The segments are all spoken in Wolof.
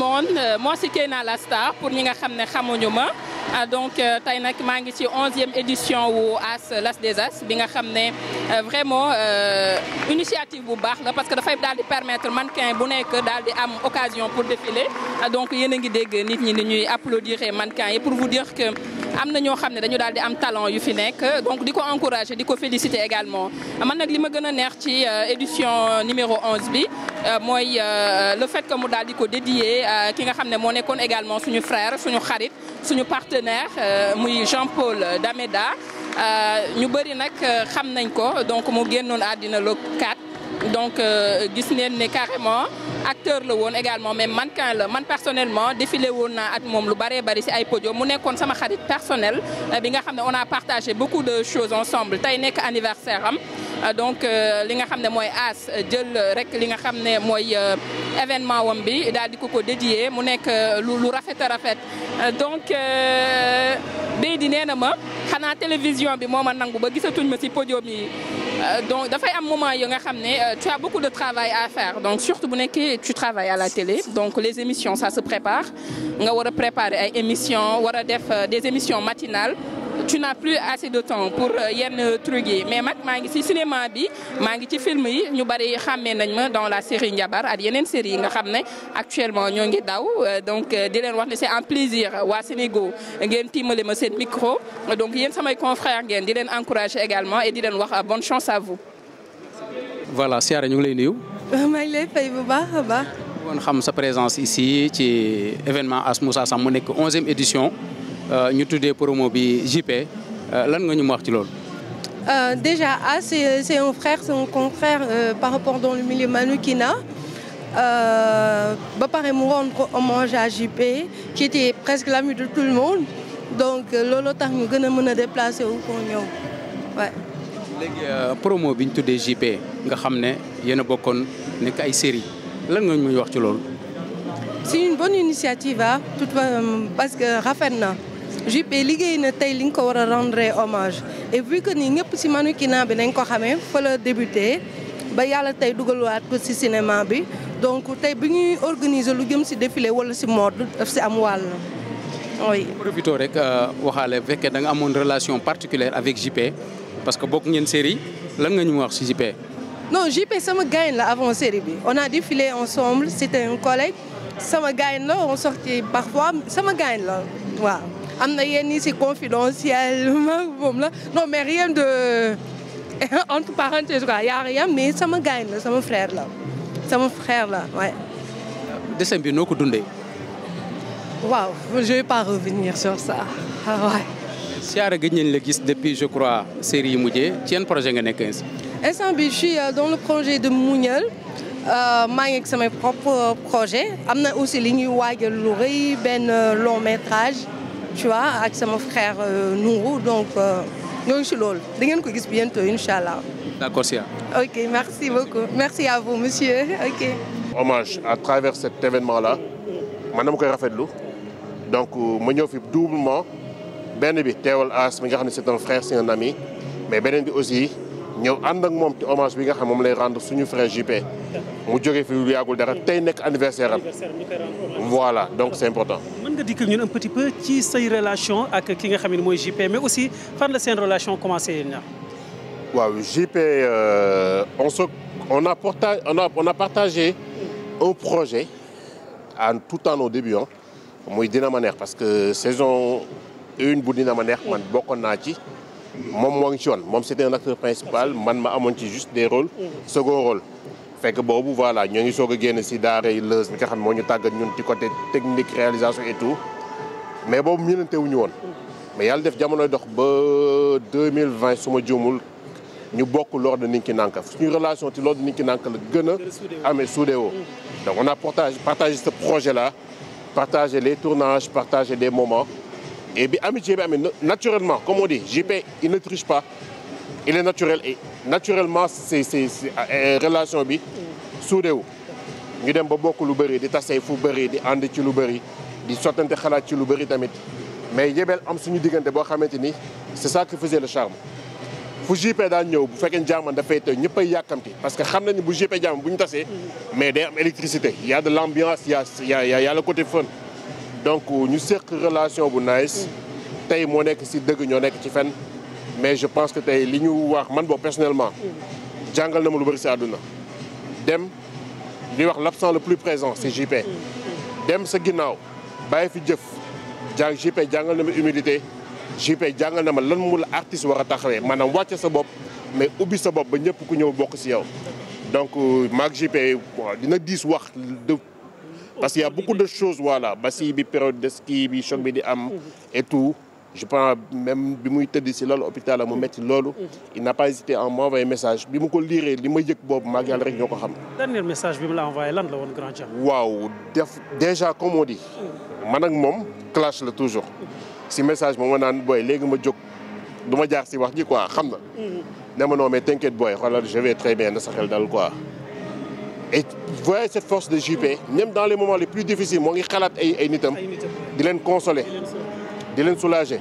monde euh, moi c'est na la star pour ñi nga xam ne xamuñu ma euh, donc euh, tey nag maa ngi ci onzième édition wu As l'As des As bi nga xam ne vraiment initiative bu baax la parce que dafay daal di permettre mannequin bu nekk daal di am occasion pour défiler donc yéen a ngi dégg nit ñi ni ñuy applaudir mannequin yi pour vous dire que am na ñoo xam ne dañu daal di am talent yu fi nekk donc di ko encourager di ko féliciter également man nag li ma gën a neex ci euh, édition euh, numéro onze bi euh, mooy le fait que mu daal di ko dédié ki nga xam ne moo nekkoon également suñu frère suñu xarit suñu partenaire muy Jean-Paul Dameda ñu bëri nag xam nañ ko donc mu génnoon àddina le donc euh, gis neen ne carrément acteur la woon également mais man mannequin la man personnellement défilé woon naa ak moom lu bëree bari si ay podium mu nekkoon sama xarit personnel euh, bi nga xam ne on a partagé beaucoup de choses ensemble tey nekk anniversaire am euh, donc li nga xam ne mooy as jël rek li nga xam ne mooy événement wam bi daal di ko ko dédié mu nekk lu rafet a rafet donc béy di nee na ma xanaa télévision bi moo ma nangu ba gisatuñ ma si podium yi Euh, donc dafay am moment yo nga xam ne euh, tu as beaucoup de travail à faire donc surtout bu nekk tu travailles à la télé donc les émissions ça se prépare nga war a préparer ay émissions war a def euh, des émissions matinales tu na plus assez de temps pour euh, yenn truc yi mais mag maa ngi ci cinéma bi maa ngi ci film yi ñu bari xàmmee nañ ma dans la série Ndiabar ak yeneen série yi nga xam ne actuellement ñoo ngi daw euh, donc euh, di leen wax ne c'est un plaisir waa Sénégal ngeen tiimale ma seen micro donc yéen samay confrères ngeen di leen encourager également et di leen wax bonne chance à vous. voilà Siara ñu ngi lay nuyu. maa ngi lay fay bu baax a xam sa présence ici ci événement As Moussa Sam mu nekk onzième édition. Euh, ñu tuddee promo bi JP euh, lan nga ñu wax ci loolu. Euh, déjà A ah, c'est c'est un frère c'est un confrère par rapport dans le milieu mannequinat ba pare mu rendre hommage à JP qui était presque l'ami de tout le monde donc looloo tax ñu gën a mën a déplacer wu pour ñëw waaye. bi ñu tuddee JP nga xam ne yéen a bokkoon ay série lan nga ñu wax ci loolu. c'est une bonne initiative tout parce que rafet na. JP liggéey na tey li nga ko war a rendre hommage et vu que ni ñëpp ci mannequinat bi nañ ko xamee fa la débuté ba yàlla tey dugaluwaat ko ci cinéma bi donc tey bi ñuy organiser lu jëm si défilé walla si mode daf si am wàll. oui profito rek euh, waxaale bu fekkee da nga amoon relation particulière avec JP parce que bokk ngeen série lan nga ñu wax si JP. non JP sama gain la avant série bi on a défilé ensemble c'était un collègue sama gain la on sortit parfois sama gain la am na yenn yi si confidentiel maag moom la non mais rien de entre parenthèses quoi y a rien mais sama gaañ la sama frère la sama frère la waaye. dessin bi noo ko dundee. waaw je vais pas revenir sur ça waaye. Ciara gëj nañ la gis depuis je crois série yi mujjee ci yan projet nga nekk ainsi. instant bi je suis euh, dans le projet de Mouniel euh, maa ngi ak samay propre projet am na aussi li ñuy waajal lu rëy benn euh, long métrage. tu vois ak sama frère euh, Nourou donc euh, ñoo ngi si loolu da ngeen ko gis bientôt incha allah. d'accord Sia. ok merci beaucoup merci à vous monsieur ok. hommage à travers cet événement là man dama koy rafetlu donc euh, ma ñëw fi doublement benn bi teewal As mi nga xam ne c'est un frère c'est un ami mais beneen bi aussi ñëw ànd ak moom ci hommage bi nga xam moom lay rendre suñu frère JP. mu jógee fi lu yàggul dara tey nekk anniversaire am. voilà donc c'est important. nga dikkal ñun un petit peu ci say relation ak ki nga xam ne mooy JP mais aussi fan la seen relation commencé yéen waaw JP euh, on se on a partagé a partagé un projet en tout temps au début ah muy dina ma neex parce que saison une bu dina ma neex man bokkoon naa ci. moom moo ngi ci woon moom c'était un acteur principal man ma amoon ci juste des rôles second rôle. fekk boobu voilà ñoo ngi soog a génn si daara yi lëës bi xam ne moo ñu tàggat ñun ci côté technique réalisation et tout mais boobu miinante wuñu woon. mais yàlla def jamonoy dox ba deux mille vingt su ma juumul ñu bokk l'ordre Ninki Nanka suñu relation ci l'ordre Ninki Nanka la gën a amee soudéo donc on a partage ce projet la partagé les tournages partage des moments et bi amitié bi amee naturellement comme on dit JP il ne triche pas. il est naturel et naturellement si si euh, euh, relation bi suude wu ñu dem ba bokk lu bëri di tasee fu bëri di ànd ci lu bëri di sottante xalaat ci lu bëri tamit mais yebeel am suñu diggante boo xamante ni c'est ça qui faisait le charme fu JP daan ñëw bu fekkee jaaman dafay te ñëpp ay yàkkamti parce que xam na ni bu JP jaaman bu ñu tasee mais day am électricité ya y de l'ambiance il y a il y côté fun donc ñu seq relation bu nice tey moo nekk si dëgg ñoo nekk ci fen mais je pense que tey li ñu wax man boo personnellement jàngal na ma lu bëri si àdduna dem li wax l'absent le plus présent c'est JP dem sa ginnaaw bàyyi fi jëf jàng JP jàngal na ma humilité JP jàngal na ma lan mu la artiste war a taxawee maanaam wàcce sa bopp mais ubbi sa bopp ba ñëpp ku ñëw bokk si yow donc euh, maag JP dina diis wax de parce qu'il y beaucoup de choses voilà ba si bi période de ski bi choc bi di am et tout je pense même bi muy tëdd si loolu hôpital mu métti loolu. Mhm. il n'a pas hésité à m'envoyer message bi mu ko liiree li ma yëg boobu maag yàlla rek ñoo ko xam. message bi mu la envoyé lan la woon grand waaw def déjà comme on dit. Mhm. man ak moom clash la toujours. Mhm. si message moom ma naan booy léegi ma jóg du ma jaar si wax jii quoi xam na. ne ma non mais t'inquiète booy xoolal je vais très bien na sa xel dal quoi. et voyez cette force de JP même dans les moments les plus difficiles moo ngi xalaat ay ay nitam. di leen consoler. di leen soulager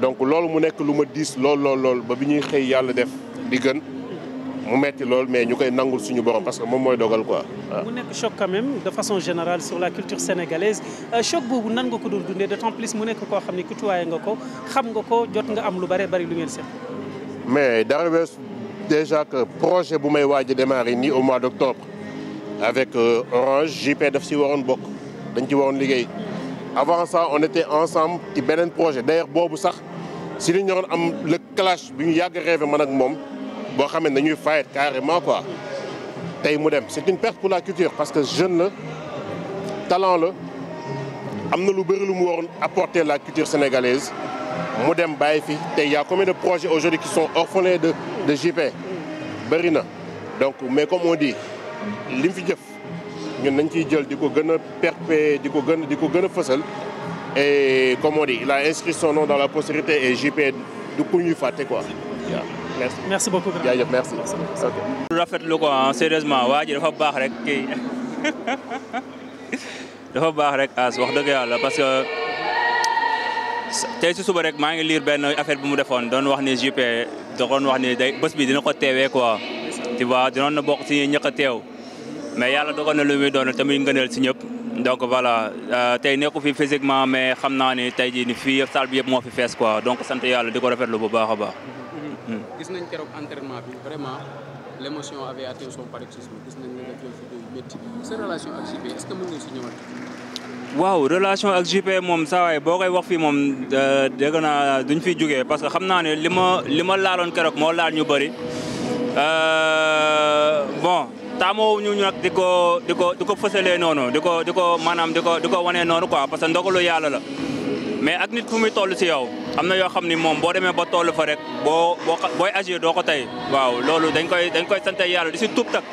donc loolu mu nekk lu ma diis lool lool lool ba bi ñuy xëy yàlla def di gën mu metti lool mais ñu koy nangul suñu borom parce que moom mooy dogal quoi waaw. mu nekk choc quand de façon générale sur la culture sénégalaise euh, choc boobu nan nga ko doon dundee d'autant plus mu nekk koo xam ni tutoyé nga ko xam nga ko jot nga am lu bare bari lu ngeen seet. mais dara wees déjà que projet bu may waaj a démarrer nii au mois d'octobre avec euh, Orange JP daf si waroon bokk dañ ci waroon liggéey. avant ça on était ensemble ci beneen projet d'ailleurs boobu sax si ñu ñoroon am le clash bi ñu yàgg rêvé man ak moom boo xam ne dañuy fayet carrément quoi tey mu dem c'est une perte pour la culture parce que jeune la talent la am na lu bëri lu mu waroon apporter la culture sénégalaise mu dem bàyyi fi tey ya commune combien de projets aujourd'hui qui sont orphelins de de JP bëri na donc mais comme on dit li mu fi jëf ñun nañ ciy jël di ko gën a di ko gën di ko gën a fësal et comme on dit il a inscrit son la postérité et JP du ku ñuy fàtte quoi waaw merci. merci beaucoup jaajëf ko ah sérieusement waa ji dafa baax rek kii dafa baax rek as wax dëgg yàlla parce que tey si suba rek maa ngi lire benn affaire bi mu defoon doon wax ni JP doon wax ni day bés bi dina ko teewee quoi. waa vois dinoon na bokk si ñëkk a teew. mais yàlla dogal na lu muy doon tamit ngëneel si ñëpp donc voilà euh, tey nekku fi physiquement mais xam naa ni tey jii ni fii yëpp bi yëpp moo fi fees quoi donc sant yàlla di ko rafetlu bu baax a baax. Mm-hmm. Mm. gis nañ keroog entraînement bi vraiment l'émotion avait atteint son paroxysme gis nañ ne nga jël fi yu métti sa relation ak JP est-ce que mën nga si ñëwaat. waaw relation ak JP moom saa waay boo koy wax fi moom euh, dégg naa duñ fi jógee parce que xam naa ne li ma li ma laaloon keroog moo laal ñu bëri euh, bon. taamoo ñu nag di ko di ko di ko fësalee noonu di ko di ko maanaam di ko di ko wanee noonu quoi parce que ndogalu yàlla la mais ak nit fu muy toll si yow am na yoo xam ni moom boo demee ba toll fa rek boo boo booy agir doo ko tey waaw loolu dañ koy dañ koy sante yàlla di si tuub tak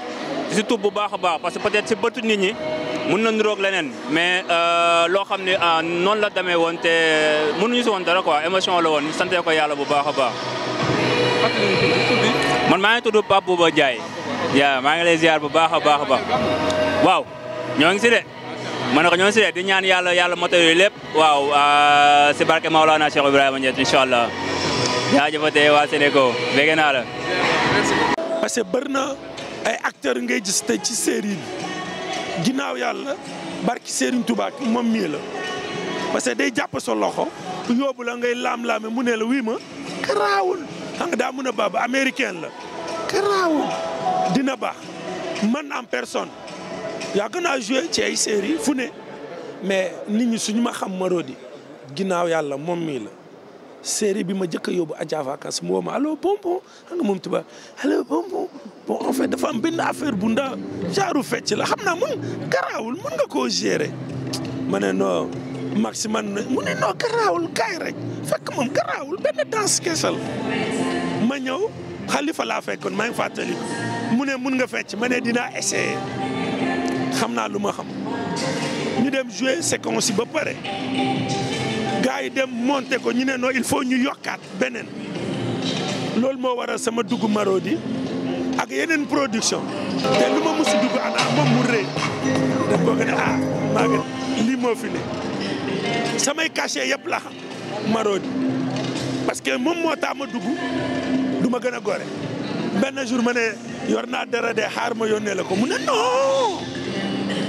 di si tuub bu baax a baax parce que peut-être si bëtu nit ñi mun na niroog leneen mais euh, loo xam ne ah, noonu la demee woon te mënuñu si woon dara quoi émotion la woon sante ko yàlla bu baax a baax. man maa ngi tudd Pape Bouba Ndiaye. yaa maa ngi lay ziar bu baax a baax a baax waaw ñoo ngi si de ma ne ko ñoo ngi si de di ñaan yàlla yàlla moto yooyu lépp waaw euh, si barke Maolana Cheikh Ibrahima Niass incha allah jaajëfatee waa Sénégal bégg naa la parce que bëri na ay acteurs ngay gis ci série bi ginnaaw yàlla barki Serigne Touba moom mii la que day jàpp sa loxo yóbbu ngay laam-laame mu ne la wii ma karaawul xam daa mën a baaba américain la karaawul dina baax man en personne yàgg naa joué ci ay série fu ne mais nit ñu suñu ma xam Marodi ginnaaw yàlla moom mii la série bi ma jëkk a yóbbu Adja Vacances mu woo ma allo bonbon xam nga moom tubaab allo bonbon bon en dafa am benn affaire bu ndaw genre fecc la xam naa mun garaawul mun nga koo gérer ma ne non maximum mu ne non garaawul kaay rek fekk moom garaawul benn danse keesal ma ñëw xalifa laa fekkoon maa ngi fàttali ko mu ne mun nga fecc ma ne dinaa essayer xam naa lu ma xam ñu dem jouer si ba pare gars yi dem monter ko ñu ne noo il faut ñu yokkaat beneen loolu moo waral sama dugg maroodi ak yeneen production te lu ma mës a dugg ana moom mu rëy daf ko ne ah maa ngi lii moo fi samay cachet yëpp la xam Marodi parce que moom moo tax ma dugg du ma gën a gore benn jour ma ne yor naa dara de xaar ma yónnee la ko mu ne non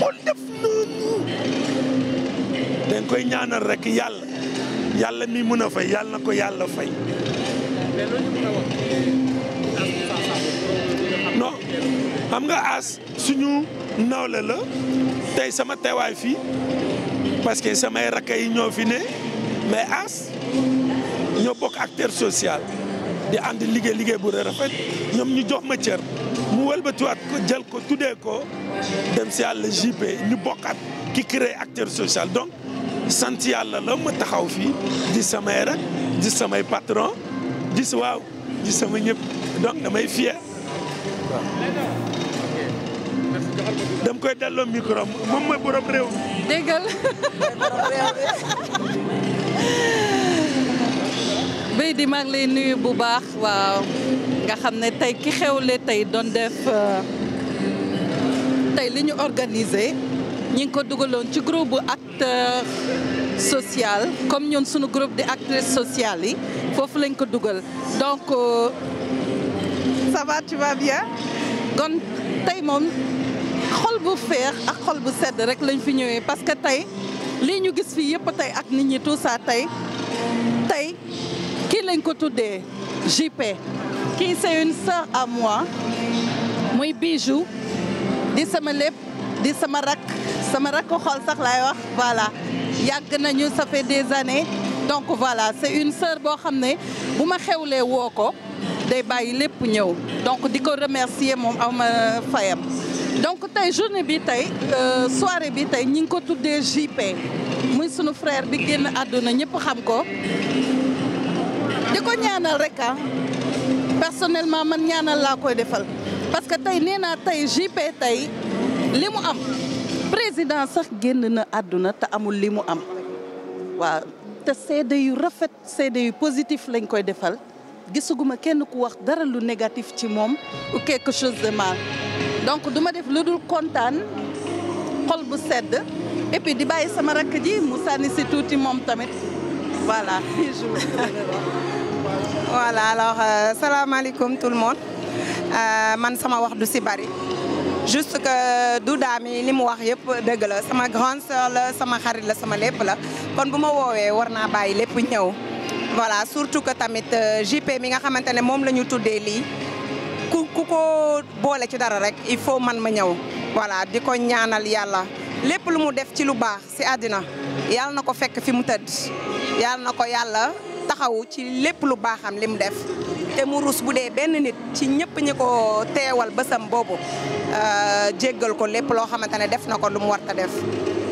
xool def noonu dañ koy ñaanal rek yàlla yàlla mi mën a fay yàlla na ko yàlla fay non xam nga as suñu nawle la tey sama teewaay fii parce que samay rakka yi ñoo fi ne mais as ñoo bokk acteur social di ànd liggéey liggéey bu rafet ñoom ñu jox ma cër walbati wëlbatiwaat ko jël ko tuddee ko dem si yàlla gip ñu bokkat ki créé acteur social donc sant yàlla la ma taxaw fii di samay rek di samay patron gis waaw di sama ñëpp donc damay fier dam koy delloo micro moom mooy borom réew déggal béy di maa ngi lay nuyu bu baax waaw nga xam ne tey ki xewle tey doon def euh, tey li ñu organisé ñu ngi ko dugaloon ci groupe bu acteur social comme ñun suñu groupe di actrices sociale yi foofu lañ ko dugal donc euh, ça va tu bien kon tey moom xol bu feex ak xol bu sedd rek lañ fi ñëwee parce que tey lii ñu gis fii yëpp tey ak nit ñi tout saa tey tey lañ ko tuddee JP kii c'est une sœur à moi muy bijou di sama lépp di sama rak sama rak xool sax lay wax voilà yàgg nañu ça des années donc voilà c'est une sœur boo xam ne bu ma xewlee woo ko day bàyyi lépp ñëw donc di ko remercier moom am fayam donc tey journée bi tey euh, soirée bi tey ñi ngi ko tuddee JP muy sunu frère bi génn àdduna ñëpp xam ko di ko ñaanal rek ah personnellement man ñaanal laa koy defal parce que tey nee naa tey JP tey li mu am président sax génn na àdduna te amul li mu am waaw te seede yu rafet seede yu positif lañ koy defal gisuguma kenn ku wax dara lu négatif ci moom ou quelque chose de mal donc duma def lu dul kontaan xol bu sedd et puis di bàyyi sama rakk ji mu sànni si tuuti moom tamit voilà voilà alors euh, salaamaaleykum tout le monde euh, man sama wax du si bari juste que Douda mi li mu wax yëpp dëgg la sama grande sœur la sama xarit la sama lépp la kon bu ma woowee war naa bàyyi lépp ñëw voilà surtout que tamit euh, JP mi nga xamante ne moom la ñu tuddee lii ku ko boole ci dara rek il faut man ma ñëw voilà di ko ñaanal yàlla lépp lu mu def ci lu baax si àddina yàlla na ko fekk fi mu tëdd yàlla na ko yàlla taxawu ci lépp lu baaxam li mu def te mu rus bu dee benn nit ci ñëpp ñi ko teewal bësam boobu euh, jéggal ko lépp loo xamante ne def na ko lu mu war a def.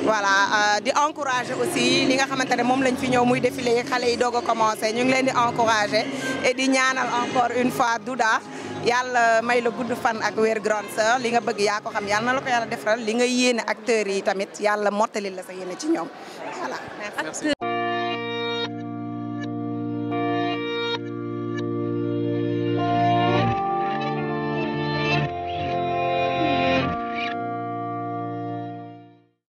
voilà euh, di encourager aussi li nga xamante ne moom lañ fi ñëw muy défilé yi xale yi doog a commencé ñu ngi leen di encourager et di ñaanal encore une fois Douda yàlla may la gudd fan ak weer grande sœur li nga bëgg yaa ko xam yàlla na la ko yàlla defaral li nga yéene acteur yi tamit yàlla mottali la sa yéene ci ñoom